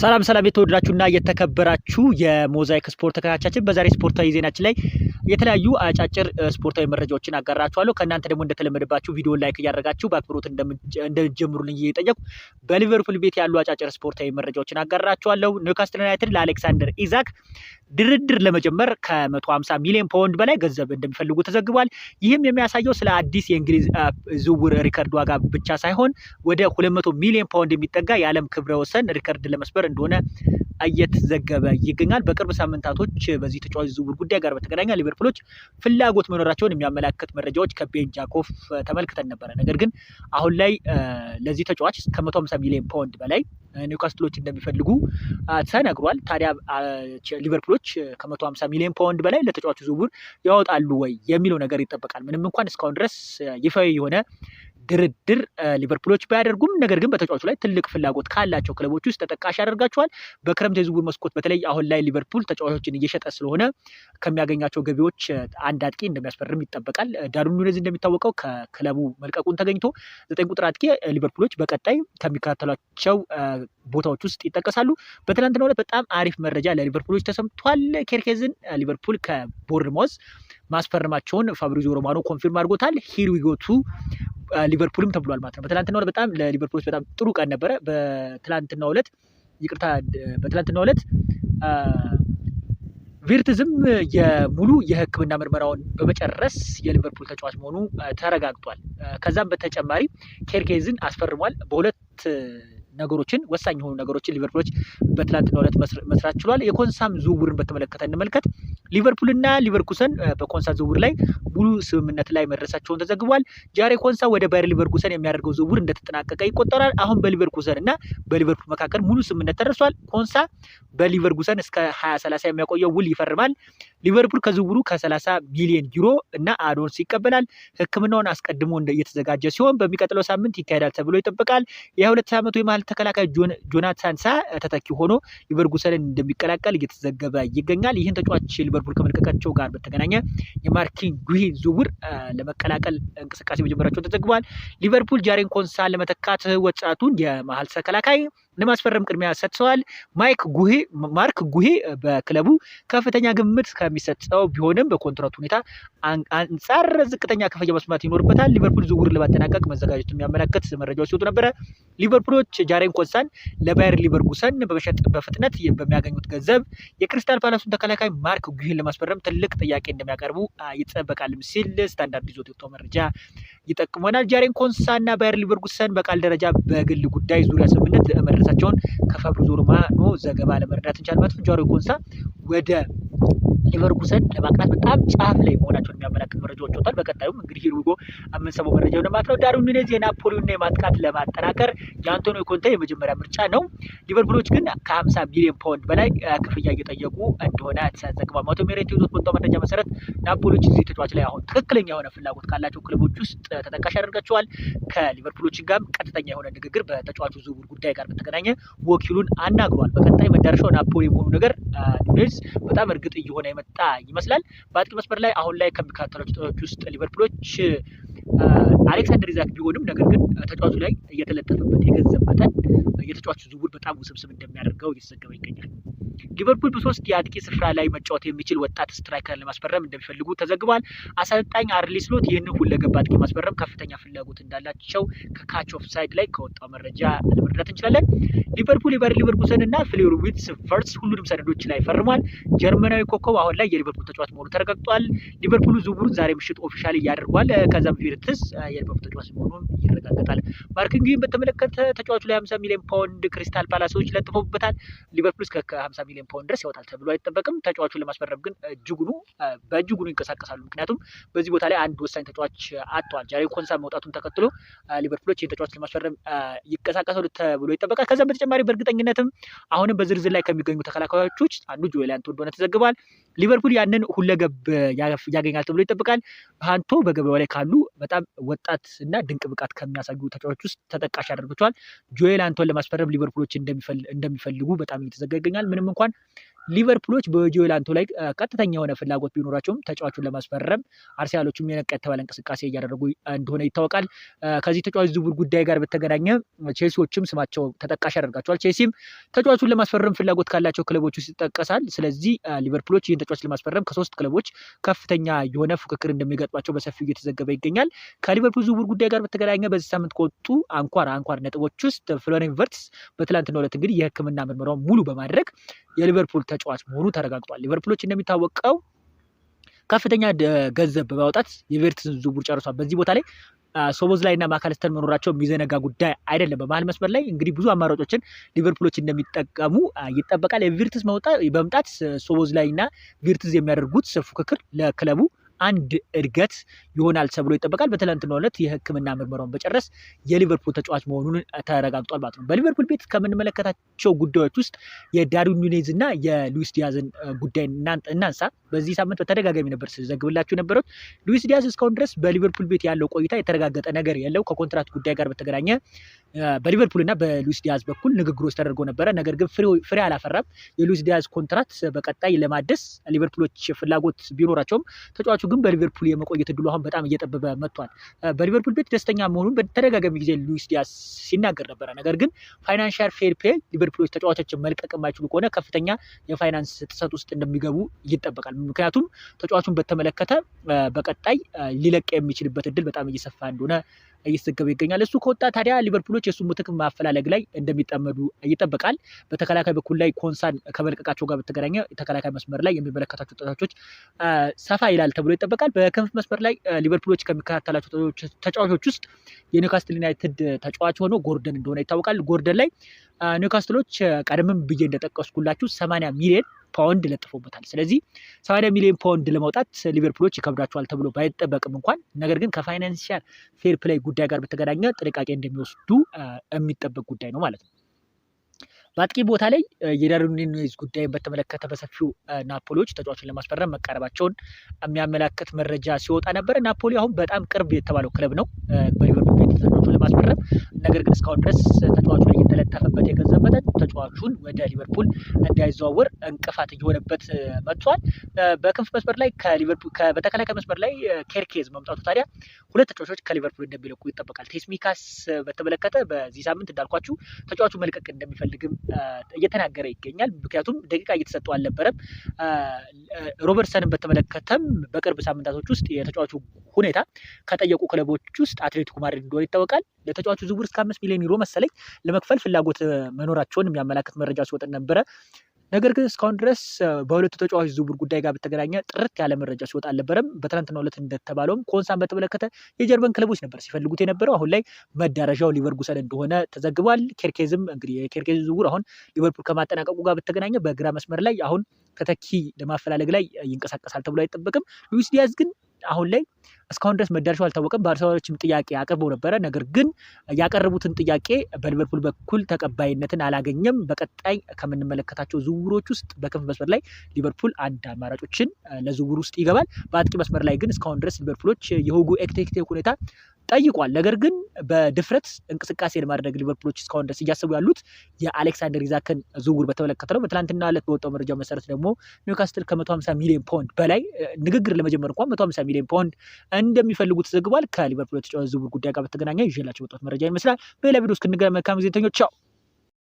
ሰላም ሰላም የተወደዳችሁና የተከበራችሁ የሞዛይክ ስፖርት ተከታታችን በዛሬ ስፖርታዊ ዜናችን ላይ የተለያዩ አጫጭር ስፖርታዊ መረጃዎችን አጋራችኋለሁ። ከእናንተ ደግሞ እንደተለመደባችሁ ቪዲዮን ላይክ እያደረጋችሁ በአክብሮት እንደጀምሩልኝ እየጠየቁ በሊቨርፑል ቤት ያሉ አጫጭር ስፖርታዊ መረጃዎችን አጋራችኋለሁ። ኒውካስትል ዩናይትድ ለአሌክሳንደር ኢዛክ ድርድር ለመጀመር ከ150 ሚሊዮን ፓውንድ በላይ ገንዘብ እንደሚፈልጉ ተዘግቧል። ይህም የሚያሳየው ስለ አዲስ የእንግሊዝ ዝውውር ሪከርድ ዋጋ ብቻ ሳይሆን ወደ 200 ሚሊዮን ፓውንድ የሚጠጋ የዓለም ክብረ ወሰን ሪከርድ ለመስበር እንደሆነ እየተዘገበ ይገኛል። በቅርብ ሳምንታቶች በዚህ ተጫዋች ዝውውር ጉዳይ ጋር በተገናኘ ሊቨርፑሎች ፍላጎት መኖራቸውን የሚያመላክት መረጃዎች ከቤን ጃኮፍ ተመልክተን ነበረ። ነገር ግን አሁን ላይ ለዚህ ተጫዋች ከ150 ሚሊዮን ፓውንድ በላይ ኒውካስትሎች እንደሚፈልጉ ተነግሯል። ታዲያ ሊቨርፑሎች ከ150 ሚሊዮን ፓውንድ በላይ ለተጫዋቹ ዝውውር ያወጣሉ ወይ የሚለው ነገር ይጠበቃል። ምንም እንኳን እስካሁን ድረስ ይፋዊ የሆነ ድርድር ሊቨርፑሎች ባያደርጉም ነገር ግን በተጫዋቹ ላይ ትልቅ ፍላጎት ካላቸው ክለቦች ውስጥ ተጠቃሽ ያደርጋቸዋል። በክረምት የዝውውር መስኮት በተለይ አሁን ላይ ሊቨርፑል ተጫዋቾችን እየሸጠ ስለሆነ ከሚያገኛቸው ገቢዎች አንድ አጥቂ እንደሚያስፈርም ይጠበቃል። ዳርዊን ኑኔዝ እንደሚታወቀው ከክለቡ መልቀቁን ተገኝቶ ዘጠኝ ቁጥር አጥቂ ሊቨርፑሎች በቀጣይ ከሚከታተሏቸው ቦታዎች ውስጥ ይጠቀሳሉ። በትናንትናው ዕለት በጣም አሪፍ መረጃ ለሊቨርፑሎች ተሰምቷል። ኬርኬዝን ሊቨርፑል ከቦርንማውዝ ማስፈረማቸውን ፋብሪዞ ሮማኖ ኮንፊርም አድርጎታል። ሂርዊጎቱ ሊቨርፑልም ተብሏል ማለት ነው። በትላንትና ዕለት በጣም ለሊቨርፑሎች በጣም ጥሩ ቀን ነበረ። በትላንትና ዕለት ይቅርታ፣ በትላንትና ዕለት ቪርትዝም የሙሉ የሕክምና ምርመራውን በመጨረስ የሊቨርፑል ተጫዋች መሆኑ ተረጋግጧል። ከዛም በተጨማሪ ኬርኬዝን አስፈርሟል በሁለት ነገሮችን ወሳኝ የሆኑ ነገሮችን ሊቨርፑሎች በትላንትናው ዕለት መስራት ችሏል። የኮንሳም ዝውውርን በተመለከተ እንመልከት። ሊቨርፑልና ሊቨርኩሰን በኮንሳ ዝውውር ላይ ሙሉ ስምምነት ላይ መድረሳቸውን ተዘግቧል። ጃሬ ኮንሳ ወደ ባየር ሊቨርኩሰን የሚያደርገው ዝውውር እንደተጠናቀቀ ይቆጠራል። አሁን በሊቨርኩሰን እና በሊቨርፑል መካከል ሙሉ ስምምነት ተደርሷል። ኮንሳ በሊቨርኩሰን እስከ 2030 የሚያቆየው ውል ይፈርማል። ሊቨርፑል ከዝውውሩ ከ30 ሚሊዮን ዩሮ እና አዶንስ ይቀበላል። ሕክምናውን አስቀድሞ እየተዘጋጀ ሲሆን በሚቀጥለው ሳምንት ይካሄዳል ተብሎ ይጠበቃል። የ22 ዓመቱ የመሃል ተከላካይ ጆናታን ሳ ተተኪ ሆኖ ሊቨርጉሰንን እንደሚቀላቀል እየተዘገበ ይገኛል። ይህን ተጫዋች ሊቨርፑል ከመልቀቃቸው ጋር በተገናኘ የማርኪን ጉሂ ዝውውር ለመቀላቀል እንቅስቃሴ መጀመራቸውን ተዘግቧል። ሊቨርፑል ጃሬን ኮንሳ ለመተካት ወጣቱን የመሀል ተከላካይ ለማስፈረም ቅድሚያ ሰጥተዋል። ማይክ ጉሄ ማርክ ጉሄ በክለቡ ከፍተኛ ግምት ከሚሰጠው ቢሆንም በኮንትራት ሁኔታ አንጻር ዝቅተኛ ክፍያ መስማት ይኖርበታል። ሊቨርፑል ዝውውር ለማጠናቀቅ መዘጋጀቱ የሚያመለክት መረጃዎች ሲወጡ ነበረ። ሊቨርፑሎች ጃሬን ኮንሳን ለባየር ሊቨርጉሰን በመሸጥ በፍጥነት በሚያገኙት ገንዘብ የክሪስታል ፓላሱን ተከላካይ ማርክ ጉሄን ለማስፈረም ትልቅ ጥያቄ እንደሚያቀርቡ ይጠበቃልም ሲል ስታንዳርድ ይዞት የወጣው መረጃ ይጠቅመናል። ጃሬን ኮንሳ እና ባየር ሊቨርኩሰን በቃል ደረጃ በግል ጉዳይ ዙሪያ ስምምነት መድረሳቸውን ከፋብሪዞ ሮማኖ ዘገባ ለመረዳት እንቻል ማለት ነው ጃሬ ኮንሳ ወደ ሌቨርኩሰን ለማቅናት በጣም ጫፍ ላይ መሆናቸውን የሚያመላክት መረጃዎች ወጥቷል። በቀጣዩም እንግዲህ ሂርዊጎ የምንሰማው መረጃ ሆነ ነው። ዳሩ ኑኔዝ የናፖሊዮን የማጥቃት ለማጠናከር የአንቶኒዮ ኮንቴ የመጀመሪያ ምርጫ ነው። ሊቨርፑሎች ግን ከሀምሳ 50 ሚሊዮን ፓውንድ በላይ ክፍያ እየጠየቁ እንደሆነ ተዘግቧል። ማቶ ሜሬት ይዞት በወጣው መረጃ መሰረት ናፖሊዎች እዚህ ተጫዋች ላይ አሁን ትክክለኛ የሆነ ፍላጎት ካላቸው ክለቦች ውስጥ ተጠቃሽ ያደርጋቸዋል። ከሊቨርፑሎች ጋርም ቀጥተኛ የሆነ ንግግር በተጫዋቹ ዝውውር ጉዳይ ጋር በተገናኘ ወኪሉን አናግሯል። በቀጣይ መዳረሻው ናፖሊ የመሆኑ ነገር ኑኔዝ በጣም እርግጥ እየሆነ የመጣ ይመስላል። በአጥቂ መስመር ላይ አሁን ላይ ከሚከታተሉ ተጫዋቾች ውስጥ ሊቨርፑሎች አሌክሳንደር ኢዛክ ቢሆንም ነገር ግን ተጫዋቹ ላይ እየተለጠፈበት የገንዘብ መጠን የተጫዋቹ ዝውውር በጣም ውስብስብ እንደሚያደርገው እየተዘገበ ይገኛል። ሊቨርፑል በሶስት የአጥቂ ስፍራ ላይ መጫወት የሚችል ወጣት ስትራይከር ለማስፈረም እንደሚፈልጉ ተዘግቧል። አሰልጣኝ አርሊ ስሎት ይህንን ሁለገብ አጥቂ ማስፈረም ከፍተኛ ፍላጎት እንዳላቸው ከካች ኦፍ ሳይድ ላይ ከወጣው መረጃ ለመረዳት እንችላለን። ሊቨርፑል የበር ሊቨርኩሰን እና ፍሎሪዊትስ ቨርስ ሁሉንም ሰነዶች ላይ ፈርሟል። ጀርመናዊ ኮከብ አሁን ላይ የሊቨርፑል ተጫዋች መሆኑ ተረጋግጧል። ሊቨርፑሉ ዝውውሩን ዛሬ ምሽት ኦፊሻል እያደርጓል። ከዛም ቪርትስ የሊቨርፑል ተጫዋች መሆኑን ይረጋገጣል። ማርኪንግን በተመለከተ ተጫዋቹ ላይ 50 ሚሊዮን ፓውንድ ክሪስታል ፓላሶች ለጥፈውበታል። ሊቨርፑል እስከ 50 30 ሚሊዮን ፓውንድ ድረስ ይወጣል ተብሎ አይጠበቅም። ተጫዋቹን ለማስመረብ ግን እጅጉኑ በእጅጉኑ ይንቀሳቀሳሉ። ምክንያቱም በዚህ ቦታ ላይ አንድ ወሳኝ ተጫዋች አጥተዋል። ጃሬ ኮንሳ መውጣቱን ተከትሎ ሊቨርፑሎች ይህን ተጫዋች ለማስፈረም ይንቀሳቀሳሉ ተብሎ ይጠበቃል። ከዚም በተጨማሪ በእርግጠኝነትም አሁንም በዝርዝር ላይ ከሚገኙ ተከላካዮች አንዱ ጆኤል አንቶ እንደሆነ ተዘግበዋል። ሊቨርፑል ያንን ሁለገብ ያገኛል ተብሎ ይጠበቃል። አንቶ በገበያው ላይ ካሉ በጣም ወጣት እና ድንቅ ብቃት ከሚያሳዩ ተጫዋቾች ውስጥ ተጠቃሽ ያደርጋቸዋል። ጆኤል አንቶን ለማስፈረም ሊቨርፑሎች እንደሚፈልጉ በጣም እየተዘጋ ይገኛል ምንም እንኳን ሊቨርፑሎች በጆኤል አንቶ ላይ ቀጥተኛ የሆነ ፍላጎት ቢኖራቸውም ተጫዋቹን ለማስፈረም አርሰናሎቹም የነቃ የተባለ እንቅስቃሴ እያደረጉ እንደሆነ ይታወቃል። ከዚህ ተጫዋች ዝውውር ጉዳይ ጋር በተገናኘ ቼልሲዎችም ስማቸው ተጠቃሽ ያደርጋቸዋል። ቼልሲም ተጫዋቹን ለማስፈረም ፍላጎት ካላቸው ክለቦች ውስጥ ይጠቀሳል። ስለዚህ ሊቨርፑሎች ይህን ተጫዋች ለማስፈረም ከሶስት ክለቦች ከፍተኛ የሆነ ፉክክር እንደሚገጥማቸው በሰፊው እየተዘገበ ይገኛል። ከሊቨርፑል ዝውውር ጉዳይ ጋር በተገናኘ በዚህ ሳምንት ከወጡ አንኳር አንኳር ነጥቦች ውስጥ ፍሎሪያን ቨርትስ በትላንትናው ዕለት እንግዲህ የሕክምና ምርመራውን ሙሉ በማድረግ የሊቨርፑል ተጫዋች መሆኑ ተረጋግጧል። ሊቨርፑሎች እንደሚታወቀው ከፍተኛ ገንዘብ በማውጣት የቬርትስን ዝውውር ጨርሷል። በዚህ ቦታ ላይ ሶቦዝ ላይ እና ማካለስተር መኖራቸው የሚዘነጋ ጉዳይ አይደለም። በመሀል መስመር ላይ እንግዲህ ብዙ አማራጮችን ሊቨርፑሎች እንደሚጠቀሙ ይጠበቃል። የቪርትስ መምጣት ሶቦዝ ላይ እና ቪርትስ የሚያደርጉት ፉክክር ለክለቡ አንድ እድገት ይሆናል ተብሎ ይጠበቃል። በትላንትናው ዕለት የሕክምና ምርመራውን በጨረስ የሊቨርፑል ተጫዋች መሆኑን ተረጋግጧል ማለት ነው። በሊቨርፑል ቤት ከምንመለከታቸው ጉዳዮች ውስጥ የዳርዊን ኑኔዝ እና የሉዊስ ዲያዝን ጉዳይ እናንሳ። በዚህ ሳምንት በተደጋጋሚ ነበር ስዘግብላችሁ ነበረት። ሉዊስ ዲያዝ እስካሁን ድረስ በሊቨርፑል ቤት ያለው ቆይታ የተረጋገጠ ነገር የለው። ከኮንትራት ጉዳይ ጋር በተገናኘ በሊቨርፑል እና በሉዊስ ዲያዝ በኩል ንግግሮች ተደርጎ ነበረ። ነገር ግን ፍሬ አላፈራም። የሉዊስ ዲያዝ ኮንትራት በቀጣይ ለማደስ ሊቨርፑሎች ፍላጎት ቢኖራቸውም ተጫዋቹ እሱ ግን በሊቨርፑል የመቆየት እድሉ አሁን በጣም እየጠበበ መጥቷል። በሊቨርፑል ቤት ደስተኛ መሆኑን በተደጋጋሚ ጊዜ ሉዊስ ዲያስ ሲናገር ነበረ። ነገር ግን ፋይናንሻል ፌር ፔ ሊቨርፑሎች ተጫዋቾችን መልቀቅ የማይችሉ ከሆነ ከፍተኛ የፋይናንስ ጥሰት ውስጥ እንደሚገቡ ይጠበቃል። ምክንያቱም ተጫዋቹን በተመለከተ በቀጣይ ሊለቀ የሚችልበት እድል በጣም እየሰፋ እንደሆነ እየተዘገበ ይገኛል። እሱ ከወጣ ታዲያ ሊቨርፑሎች የእሱ ምትክ ማፈላለግ ላይ እንደሚጠመዱ ይጠበቃል። በተከላካይ በኩል ላይ ኮንሳን ከመልቀቃቸው ጋር በተገናኘ ተከላካይ መስመር ላይ የሚመለከታቸው ተጫዋቾች ሰፋ ይላል ተብሎ ይጠበቃል። በክንፍ መስመር ላይ ሊቨርፑሎች ከሚከታተላቸው ተጫዋቾች ውስጥ የኒውካስትል ዩናይትድ ተጫዋች ሆኖ ጎርደን እንደሆነ ይታወቃል። ጎርደን ላይ ኒውካስትሎች ቀደምም ብዬ እንደጠቀስኩላችሁ ሰማንያ ሚሊዮን ፓውንድ ለጥፎበታል። ስለዚህ ሰማንያ ሚሊዮን ፓውንድ ለማውጣት ሊቨርፑሎች ይከብዳቸዋል ተብሎ ባይጠበቅም እንኳን ነገር ግን ከፋይናንሽል ፌር ፕላይ ጉዳይ ጋር በተገናኘ ጥንቃቄ እንደሚወስዱ የሚጠበቅ ጉዳይ ነው ማለት ነው። በአጥቂ ቦታ ላይ የዳርዊን ኑኔዝ ጉዳይን በተመለከተ በሰፊው ናፖሊዎች ተጫዋቹን ለማስፈረም መቃረባቸውን የሚያመላክት መረጃ ሲወጣ ነበረ። ናፖሊ አሁን በጣም ቅርብ የተባለው ክለብ ነው በሊቨርፑል ቤት ተጫዋቹን ለማስፈረም። ነገር ግን እስካሁን ድረስ ተጫዋቹ ላይ የተለጠፈበት የገንዘብ መጠን ተጫዋቹን ወደ ሊቨርፑል እንዳይዘዋወር እንቅፋት እየሆነበት መጥቷል። በክንፍ መስመር ላይ በተከላካይ መስመር ላይ ኬርኬዝ መምጣቱ ታዲያ ሁለት ተጫዋቾች ከሊቨርፑል እንደሚለቁ ይጠበቃል። ቴስሚካስ በተመለከተ በዚህ ሳምንት እንዳልኳችሁ ተጫዋቹ መልቀቅ እንደሚፈልግም እየተናገረ ይገኛል። ምክንያቱም ደቂቃ እየተሰጠው አልነበረም። ሮበርትሰንን በተመለከተም በቅርብ ሳምንታቶች ውስጥ የተጫዋቹ ሁኔታ ከጠየቁ ክለቦች ውስጥ አትሌቲኮ ማድሪድ እንደሆነ ይታወቃል። ለተጫዋቹ ዝውውር እስከ አምስት ሚሊዮን ዩሮ መሰለኝ ለመክፈል ፍላጎት መኖራቸውን የሚያመላክት መረጃ ሲወጥ ነበረ። ነገር ግን እስካሁን ድረስ በሁለቱ ተጫዋች ዝውውር ጉዳይ ጋር በተገናኘ ጥርት ያለ መረጃ ሲወጣ አልነበረም። በትናንትናው ዕለት እንደተባለውም ኮንሳን በተመለከተ የጀርመን ክለቦች ነበር ሲፈልጉት የነበረው። አሁን ላይ መዳረሻው ሊቨርጉሰን እንደሆነ ተዘግቧል። ኬርኬዝም እንግዲህ የኬርኬዝ ዝውውር አሁን ሊቨርፑል ከማጠናቀቁ ጋር በተገናኘ በግራ መስመር ላይ አሁን ተተኪ ለማፈላለግ ላይ ይንቀሳቀሳል ተብሎ አይጠበቅም። ሉዊስ ዲያዝ ግን አሁን ላይ እስካሁን ድረስ መዳረሻው አልታወቀም። ባርሰሎናዎችም ጥያቄ አቅርበው ነበረ። ነገር ግን ያቀረቡትን ጥያቄ በሊቨርፑል በኩል ተቀባይነትን አላገኘም። በቀጣይ ከምንመለከታቸው ዝውውሮች ውስጥ በክንፍ መስመር ላይ ሊቨርፑል አንድ አማራጮችን ለዝውውር ውስጥ ይገባል። በአጥቂ መስመር ላይ ግን እስካሁን ድረስ ሊቨርፑሎች የሆጉ ኤክቴክቴ ሁኔታ ጠይቋል። ነገር ግን በድፍረት እንቅስቃሴ ለማድረግ ሊቨርፑሎች እስካሁን ድረስ እያሰቡ ያሉት የአሌክሳንደር ኢዛክን ዝውውር በተመለከተ ነው። በትላንትና ዕለት በወጣው መረጃ መሰረት ደግሞ ኒውካስትል ከ150 ሚሊዮን ፓውንድ በላይ ንግግር ለመጀመር እንኳን 150 ሚሊዮን ፓውንድ እንደሚፈልጉት ተዘግቧል። ከሊቨርፑል የተጫዋች ዝውውር ጉዳይ ጋር በተገናኘ ይዤላቸው የወጣሁት መረጃ ይመስላል። በሌላ ቪዲዮ እስክንገናኝ መልካም ጊዜ ተኞች። ቻው